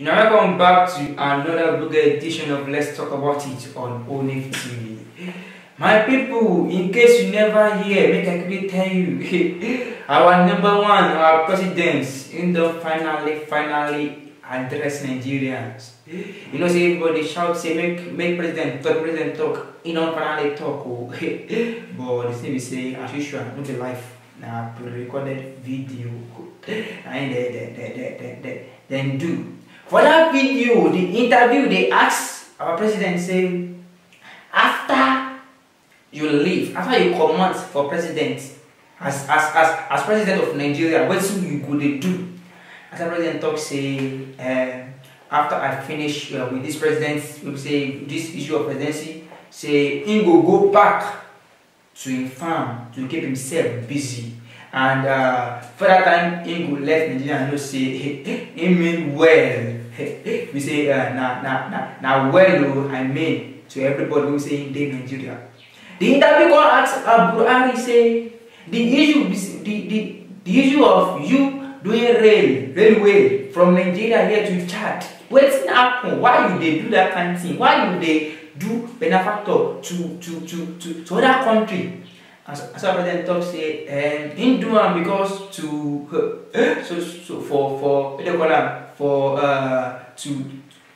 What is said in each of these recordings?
You know, welcome back to another Booger edition of Let's Talk About It on ONIF TV. My people, in case you never hear, make I quickly tell you, our number one, our president, in the finally, finally address Nigerians. You know, say everybody shout, say make make president talk, president talk, you know, finally talk. Oh. but this thing we say, as usual, not a life, now pre-recorded video, and then, then, then, then, then, then do. For that video, the interview, they asked our president, say, after you leave, after you command for president, as, as, as, as president of Nigeria, what you go they do? As a president talk, say, uh, after I finish uh, with this presidency, say this issue of presidency, say, he will go back to him farm to keep himself busy and uh, that time him go let nigeria know say him mean well we say uh, na na na na well o oh, i mean to everybody wey say him dey nigeria the interview come ask abuhari say the issue the the the issue of you doing rail railway from nigeria here to chad wetin happen why you dey do that kind of thing why you dey do benefactor to to to to to other country as, as president talks say um, him do because to uh, so so for for what do you call that for uh, to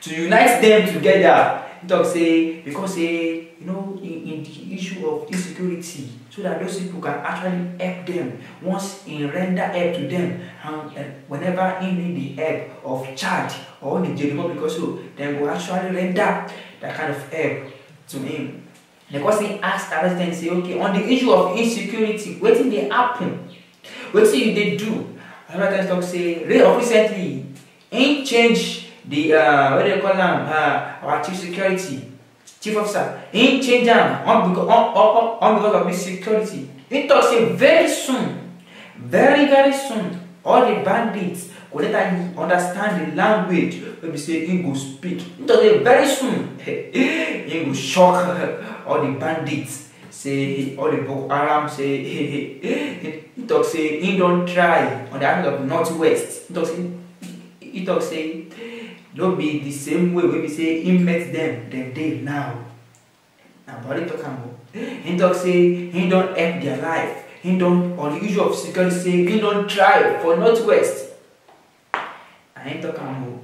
to unite them together he talk say because say you know in in the issue of insecurity so that those people can actually help them once in render help to them and, and whenever he need the help of chad or the Republic or so dem go actually render that kind of help to him The question asked at and say, okay, on the issue of insecurity, what did they happen? What did they do? Another talk say, recently, ain't change the uh, what do you call them? Uh, our chief security, chief officer, ain't change them on because on, on, on because of insecurity. It talks say very soon, very very soon, all the bandits go later understand the language wey be say he go speak nítorí very soon he go shock all the bandits say all the boko haram say he talk say he don try on the island of northwest he talk say he talk say no be the same way wey be say he met them them dey now na buhari talk am o he talk say he don help their life he don on the issue of security say he don try for northwest I ain't talking more.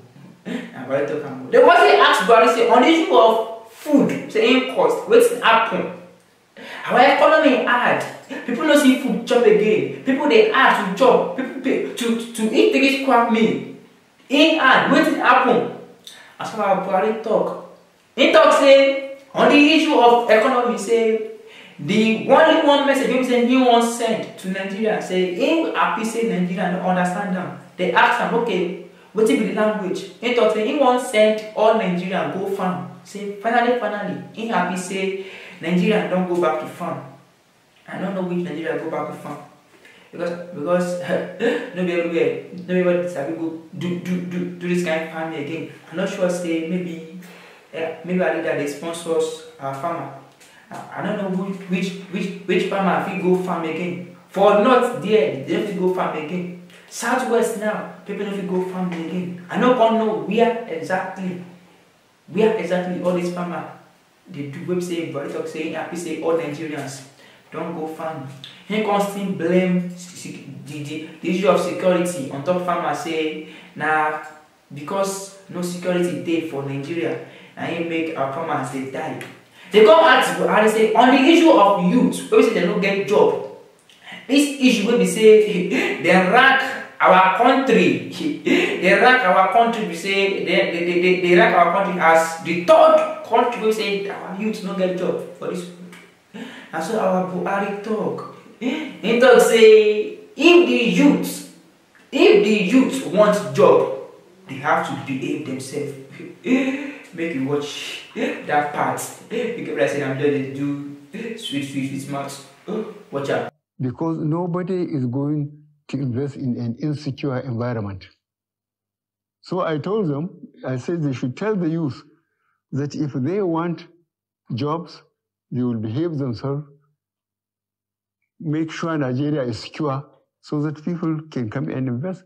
I'm very talking more. They person ask Buhari say on the issue of food, saying cost, what's happen? Our economy hard. People don't see food chop again. People they hard to chop. People pay to, to eat the three square meal. In hard, what's happen? As far as Buhari talk, he talk say on the issue of economy say the only one message him say he wan send to nigeria say him happy say nigeria no understand them. they ask am okay wetin be the language he talk say he wan send all Nigerians go farm say finally finally he happy say Nigerians don go back to farm i no know which Nigerians go back to farm because because no be everywhere no be everybody sabi go do do do do this kind of farming again i no sure say maybe uh, maybe our leader dey sponsor our farmer i no know which which which which farmer fit go farm again for north there dem fit go farm again Southwest now, people don't go farming again. I no come know where exactly, where exactly all these farmers they do website say, body talk say, happy say all Nigerians don't go farm. He constantly blame the, the, the issue of security on top farmers say na because no security day for Nigeria na he make our farmers they die. They come ask they say on the issue of youth wey they say get job this issue wey be say they rack our country they rank our country We say they they they they rank our country as the third country We say our youth no get job for this country na so our buhari talk he talk say if the youth if the youth want job they have to behave themselves make you watch that part you get i say i'm just dey do sweet sweet sweet mouth watch out. because nobody is going to invest in an insecure environment. So I told them, I said they should tell the youth that if they want jobs, they will behave themselves, make sure Nigeria is secure so that people can come and invest.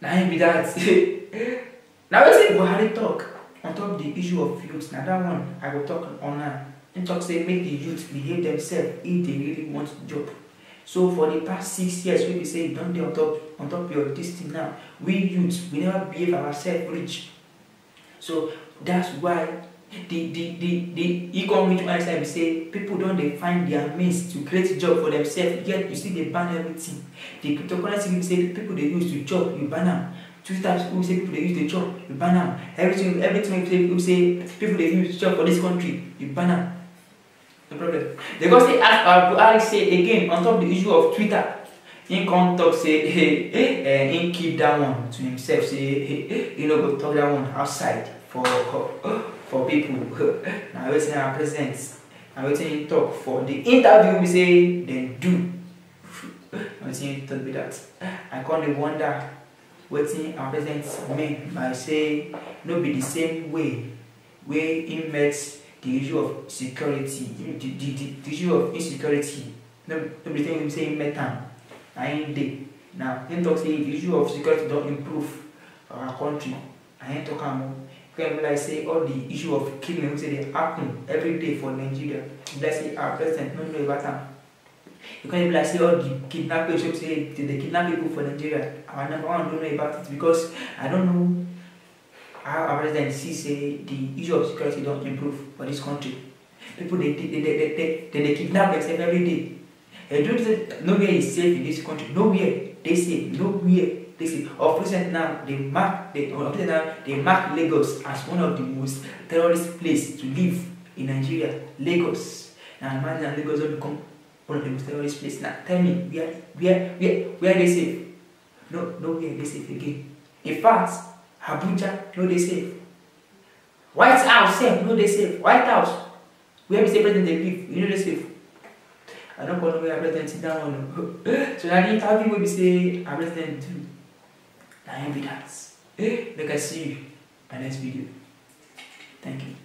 Now I be that. now wetin Buhari talk on top the issue of youth, Now that one I will talk on am. And talk say make the youth behave themselves if they really want job. So for the past six years, we be saying don't be on top on top of this thing now. We youth, we never behave ourselves rich. So that's why the the the the econ which one side say people don't dey find their means to create job for themselves yet you see they ban everything the cryptocurrency we say people they use to job you ban Two times we say people they use to job you ban am everything everything wey people say people they use to chop for this country you ban am No problem. They go say ask our Buhari say again on top the issue of Twitter. He come talk say hey, eh, hey, uh, keep that one to himself say hey, hey, he no go talk that one outside for for people. na wetin our president na wetin he talk for the interview we say dem do. na wetin he talk be that. I come dey wonder wetin our president mean by say no be the same way wey he met the issue of security the the, the, the issue of insecurity no be say him say him met am na him dey na him talk say the issue of security don't improve our country I him talk am o because be like say all the issue of killing wey say they happen every day for nigeria be like say our president no know about am because be like say all the kidnapping wey say they kidnap people for nigeria our number one don know about it because i don't know how our presidency say the issue of security don't improve for this country. People they they they they, they, they kidnap themselves every day. They say nowhere is safe in this country. Nowhere they say nowhere they say. Of recent now they mark they of recent now they mark Lagos as one of the most terrorist place to live in Nigeria. Lagos. Now imagine Lagos will become one of the most terrorist place. Now tell me where where where where they safe? No nowhere they safe again. In fact Abuja, no they safe. White House safe, no they safe. White House, where Mr. President they live, you know they safe. I don't call where President sit down on. Oh. so now the interview will be say, our President do. Now evidence. Make I see you my next video. Thank you.